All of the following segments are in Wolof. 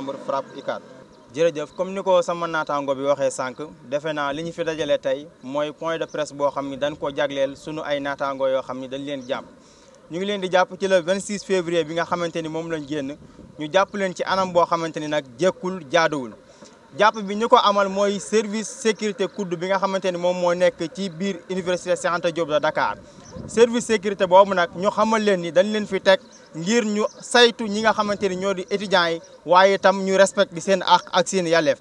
membre FRAPP ICAT. jërëjëf comme ni ko sama naataango bi waxee sànq defe li ñu fi dajalee tey mooy point de presse boo xam ni dañ ko jagleel sunu ay naataango yoo xam ni dañ leen jàpp. ñu ngi leen di jàpp ci le 26 février bi nga xamante ni moom lañ génn ñu jàpp leen ci anam boo xamante ni nag jekkul jaaduwul. jàpp bi ñu ko amal mooy service sécurité kudd bi nga xamante ni moom moo nekk ci biir université Cheikh Anta Diop de Dakar service sécurité boobu nag ñu xamal ngir ñu saytu ñi nga xamante ni ñoo di étudiants yi waaye itam ñu respecté seen àq ak seen yelleef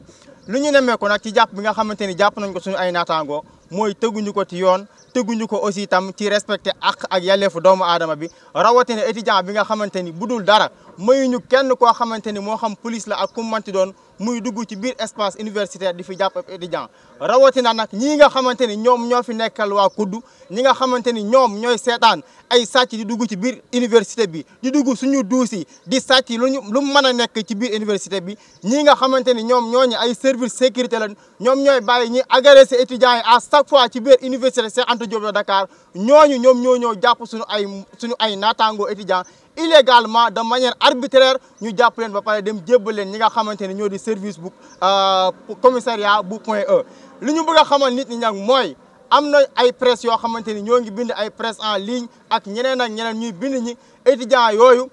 lu ñu nemmeeku nag ci jàpp bi nga xamante ni jàpp nañ ko suñu ay naataangoo mooy tëguñu ko ci yoon tëguñu ko aussi itam ci respecté ak ak yelleefu doomu aadama bi rawatina étudiant bi nga xamante ni bu dul dara mayuñu kenn koo xamante ni moo xam police la ak ku manti doon muy dugg ci biir espace universitaire di fi jàpp ab étudiant rawatina nag ñii nga xamante ni ñoom ñoo fi nekkal waa kuddu ñi nga xamante ni ñoom ñooy seetaan ay sàcc di dugg ci biir université bi di dugg suñu duus yi di sàcc luñu lu mën a nekk ci biir université bi ñii nga xamante ni ñoom ñooñu ay service sécurité lañ ñoom ñooy bàyyi ñi agressé étudiants yi à chaque fois ci biir université Cheikh Anta Diop de Dakar ñooñu ñoom ñoo ñëw jàpp suñu ay suñu ay naataangoo étudiant illégalement de manière arbitraire ñu japp leen ba paré dem jébbal leen ñi nga xamante ñoo di service bu euh commissariat bu point E. li ñu bëgg xamal nit ñi nag mooy am na ay presse yo xamante ñoo ngi bind ay presse en ligne ak ñeneen ak ñeneen ñuy bind ñi étudiants yooyu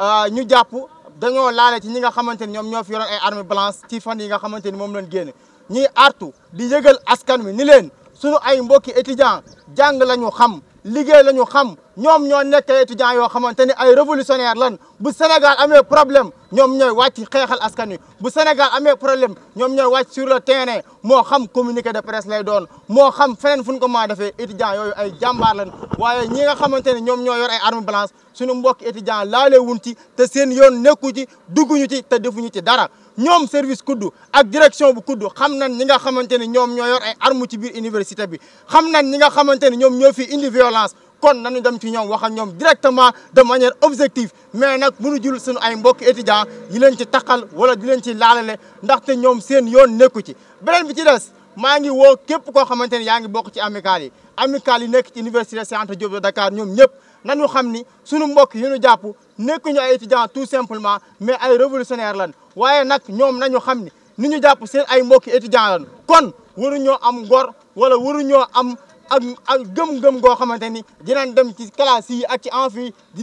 euh, ñu japp dañoo laalé ci ñi nga xamante ñom ñoo fi yoron ay armée blanche ci fan yi nga xamante mom lañu lañ ñi artu di yëgal askan mi ni leen suñu ay mbokki étudiant jang lañu xam liggéey lañu xam. ñoom ñoo nekk ay étudiants yoo xamante ni ay révolutionnaire lan bu senegal amee problème ñoom ñooy wàcc xeexal askan wi bu Sénégal amee problème ñoom ñooy wàcc sur le terrain moo xam communiqué de presse lay doon moo xam feneen fu ko maa defee étudiants yooyu ay jàmbaar lan waaye ñi nga xamante ne ñoom ñoo yor ay arme blanche suñu mbokk étudiants laalee wuñ ci te seen yoon nekku ci dugguñu ci te defuñu ci dara ñoom service kudd ak direction bu kudd xam nañ ñi nga xamante ne ñoom ñoo yor ay arme ci biir université bi xam nañ ñi nga xamante ne ñoom ñoo fi indi violence kon nañu dem ci ñoom wax ak ñoom directement de manière objective mais nag mënu jul suñu ay mbokki étudiants yi leen ci taqal wala di leen ci laalale ndaxte ñoom seen yoon nekku ci beneen bi ci des maa ngi woo képp koo xamante ne yaa ngi bokk ci amicale yi amicale yi nekk ci université Cheikh Anta Diop de Dakar ñoom ñëpp nañu xam ni suñu mbokk yi ñu jàpp nekkuñu ay étudiants tout simplement mais ay révolutionnaire lan waaye nag ñoom nañu xam ni nu ñu jàpp seen ay mbokki étudiants lan kon waruñoo am ngor wala waruñoo am ak ak gëm-gëm goo xamante ni dinañ dem ci classe yi ak ci amphi di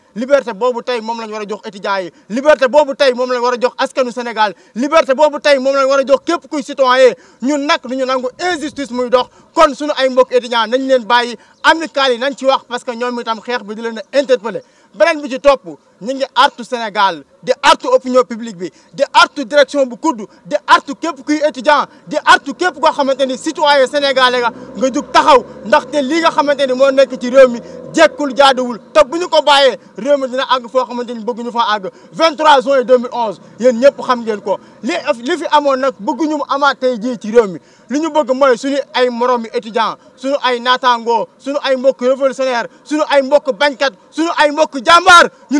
liberté boobu tey moom lañ war a jox étudiants liberté boobu tey mom lañ war a jox askanu Sénégal liberté boobu tey moom lañ war a jox képp kuy citoyen ñun nag ñu nangu injustice muy dox kon suñu ay mbokk étudiants nañ leen bàyyi amicale yi nañ ci wax parce que ñoom itam xeex bi di leen a interpellé beneen bi ci topp ñi artu Sénégal di artu opinion publique bi di artu direction bu kudd di artu képp kuy étudiant di artu képp koo xamante ni citoyen sénégalais nga nga jug taxaw ndaxte li nga xamante ni moo nekk ci réew mi jekkul jaaduwul te ko bàyyee réew dina àgg foo fa 23 juin 2011 yéen ñëpp xam ngeen ko li fi amoon nag bëgguñu mu amaat tey ci réew li ñu bëgg mooy suñu ay moromi étudiant suñu ay naataangoo suñu ay mbokk révolutionnaire suñu ay mbokk suñu ay mbokk ñu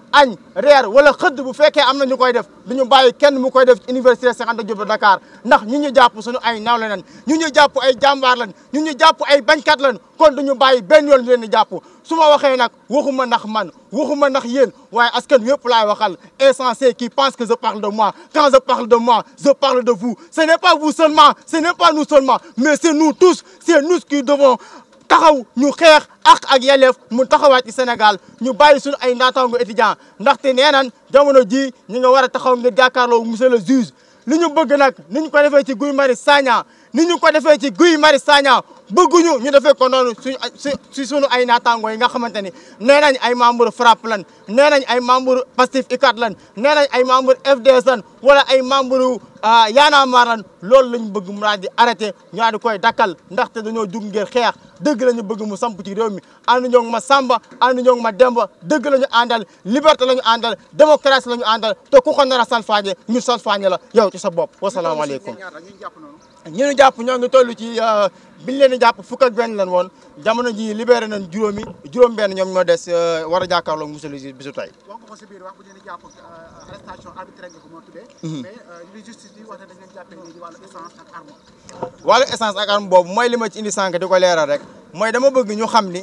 añ reer wala xëdd bu fekkee am na ñu koy def bàyyi kenn mu koy def université Cheikh de Dakar ndax ñu ñu jàpp suñu ay nawle lañ ñu ñu jàpp ay jàmbaar lañ ñu ñu jàpp ay bañkat lañ kon duñu bàyyi benn ñu leen di jàpp su ma waxuma man qui pense que je parle de moi quand je parle de moi je parle de vous ce n'est pas vous seulement ce n'est pas nous seulement mais c'est nous tous c'est nous qui devons taxaw ñu xeex ak ak yelleef mu taxawaat ci Sénégal ñu bàyyi suñu ay naataango étudiant ndaxte nee naan jamono jii ñi nga war a taxaw ngir jàkkaarloo monsieur le juge li ñu bëgg nag ni ñu ko defee ci Guy mari Sagna ni ñu ko defee ci Guy mari Sagna bëgguñu ñu defee ko noonu suñu si suñu ay naataango yi nga xamante ni nee ay membre FRAPP lan nee nañ ay membre Pastef ikat lan nee ay membre FDS lan wala ay membre Ah, yaanaa maaran loolu lañ bëgg mu daal di arrêté ñu daal di koy dakkal ndaxte dañoo jug ngir xeex dëgg la bëgg mu samp ci réew mi ànd ñoo ngi ma Samba ànd ñoo ngi ma Demba dëgg la ñu àndal liberté la ñu àndal démocratie la ñu àndal te ku ko nar a salfaañe ñu salfaañe la yow ci sa bopp wasalaamaaleykum ñu ñu jàpp ñoo ngi toll ci euh, biñ leen di jàpp fukk ak benn lan woon jamono ji libéré nañ juróomi juróom benn ñoom ñoo des euh, war a jàkkaarloo monsieur le juge bisu tey wàllu essence ak arme boobu mooy li ma ci indi sànq di ko leeral rek mooy dama bëgg ñu xam ni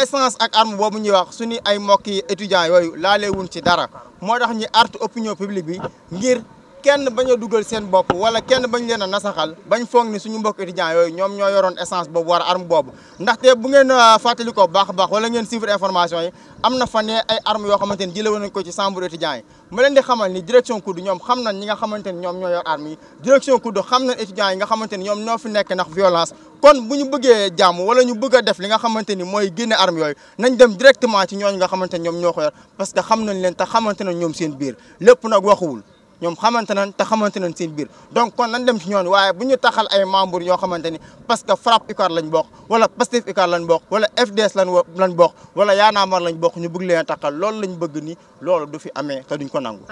essence ak arme boobu ñuy wax suñu ay mbokki étudiants yooyu laalee wuñ ci dara moo tax ñu artu opinion publique bi ngir. kenn bañ a dugal seen bopp wala kenn bañ leen a nasaxal bañ foog ni suñu mbokk étudiants yooyu ñoom ñoo yoroon essence boobu war a arme boobu ndaxte bu ngeen euh, fàttali ko baax a wala ngeen suivre information yi am na fan ay arme yoo xamante ni jëlee woon nañ ko ci chambre étudiants yi mu di xamal ni direction ñoom xam nañ nga xamante ni ñoom ñoo yor arme yi direction COUD xam na étudiants yi nga xamante ni ñoom ñoo fi nekk ndax violence kon bu ñu bëggee jàmm wala ñu bëgg a def li nga xamante ni mooy génne arme yooyu nañ dem directement ci ñooñu nga xamante ni ñoom ñoo ko parce que xam nañ leen te xamante nañ ñoom seen biir lépp nag waxuwul ñoom xamante nañ te xamante nañ seen biir donc kon nan dem ci ñoon waaye bu ñu taxal ay membres yoo xamante ni parce que FRAPP UCAD lañ bokk wala Pastef UCAD lañ bokk wala FDS lañ lañ bokk wala Y'en a marre lañ bokk ñu bëgg leen taxal loolu lañ bëgg ni loolu du fi amee te duñ ko nangu.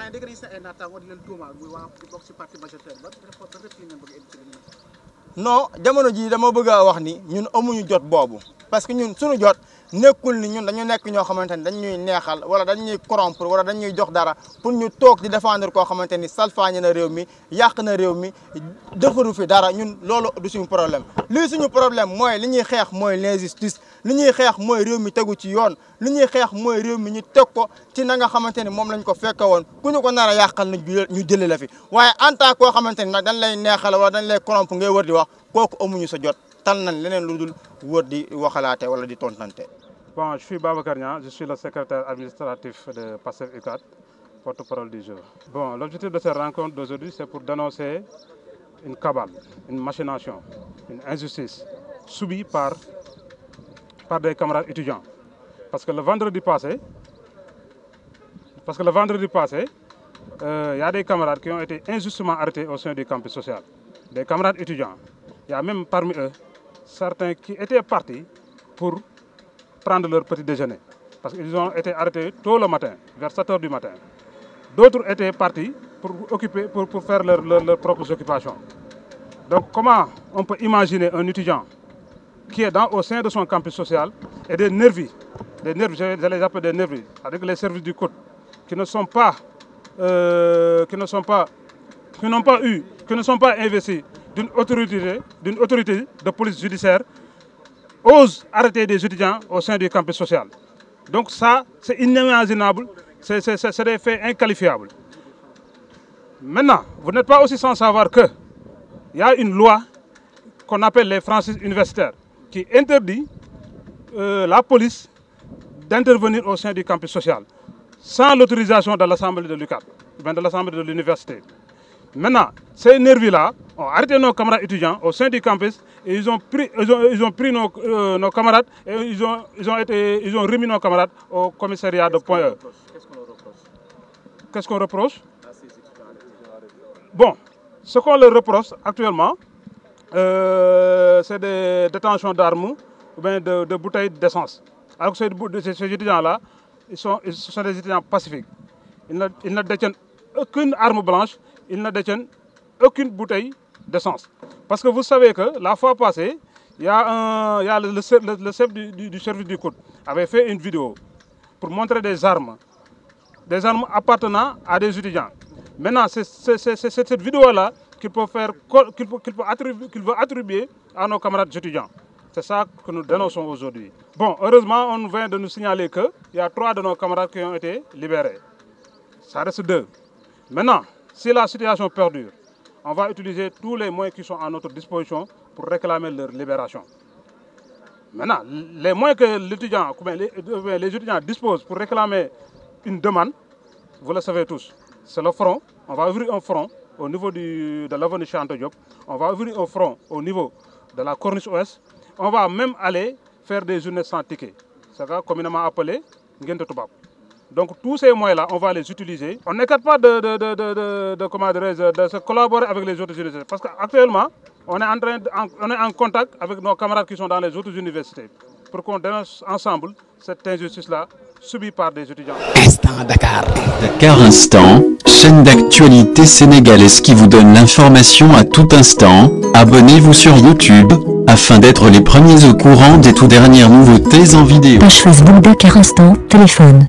no jamono jii dama bëgg a wax ni ñun amuñu jot boobu parce que ñun suñu jot nekkul ni ñun dañu nekk ñoo xamante ni dañuy neexal wala dañuy corrompre wala dañuy jox dara pour ñu toog di défendre koo xamante ni salfaañe na réew mi yàq na réew mi defaru fi dara ñun loolu du suñu problème lii suñu problème mooy li ñuy xeex mooy l'injustice li ñuy xeex mooy réew mi tegu ci yoon li ñuy xeex mooy réew mi ñu teg ko ci na nga xamante ni moom lañ ko fekke woon ku ñu ko nar a yàqal ñu jëlee la fi waaye en tant koo xamante ni nag dañ lay neexal wala dañ lay corrompre ngay wër di wax kooku amuñu sa jot bon je suis Babacar je suis le secrétaire administratif de Passer UCAD porte-parole du jour. bon l'objectif de cette rencontre d'aujourd'hui c'est pour dénoncer une cabale une machination une injustice subie par par des camarades étudiants parce que le vendredi passé parce que le vendredi passé il euh, y a des camarades qui ont été injustement arrêtés au sein du campus social des camarades étudiants il y a même parmi eux certains qui étaient partis pour prendre leur petit déjeuner. Parce qu'ils ont été arrêtés tôt le matin, vers 7 h du matin. D'autres étaient partis pour, occuper, pour, faire leurs propres occupations. Donc comment on peut imaginer un étudiant qui est dans, au sein de son campus social et des nervis, des nervis, j'allais les appelle des nervis, avec les services du côte, qui ne sont pas, euh, qui ne sont pas, qui n'ont pas eu, qui ne sont pas investis d'une autorité, d'une autorité de police judiciaire ose arrêter des étudiants au sein du campus social. Donc ça, c'est inimaginable, c'est des faits inqualifiables. Maintenant, vous n'êtes pas aussi sans savoir que il y a une loi qu'on appelle les Francis universitaires qui interdit euh, la police d'intervenir au sein du campus social sans l'autorisation de l'Assemblée de l'UCAP, ben de l'Assemblée de l'Université. Maintenant, ces nervis-là ont arrêté nos camarades étudiants au sein du campus et ils ont pris, ils ont, pris euh, nos, camarades et ils ont, ils, ont été, ils ont remis nos camarades au commissariat de Point E. Qu'est-ce qu'on reproche Bon, ce qu'on leur reproche actuellement, euh, c'est des détentions d'armes ou bien de, bouteilles d'essence. Alors que ces, étudiants-là, ils sont, sont des étudiants pacifiques. Ils ne, ils ne détiennent aucune arme blanche ils ne détiennent aucune bouteille d'essence. Parce que vous savez que la fois passée, il y le, chef du, service du Côte avait fait une vidéo pour montrer des armes, des armes appartenant à des étudiants. Maintenant, c'est cette vidéo-là qu'il peut, veut attribuer à nos camarades étudiants. C'est ça que nous dénonçons aujourd'hui. Bon, heureusement, on vient de nous signaler qu'il y a trois de nos camarades qui ont été libérés. Ça reste deux. Maintenant, si la situation perdure, on va utiliser tous les moyens qui sont à notre disposition pour réclamer leur libération. Maintenant, les moyens que les, étudiants disposent pour réclamer une demande, vous le savez tous, c'est le front. On va ouvrir un front au niveau de l'avenue de On va ouvrir un front au niveau de la corniche ouest. On va même aller faire des journées sans ticket. Ça va communément appelé Ngente donc tous ces moyens-là, on va les utiliser. On n'écarte pas de, de, de, de, de, se collaborer avec les autres universités. Parce qu'actuellement, on, est en train on est en contact avec nos camarades qui sont dans les autres universités pour qu'on dénonce ensemble cette injustice-là subie par des étudiants. Instant Dakar. Dakar Instant, chaîne d'actualité sénégalaise qui vous donne l'information à tout instant. Abonnez-vous sur YouTube afin d'être les premiers au courant des tout dernières nouveautés en vidéo. Page Facebook Dakar Instant, téléphone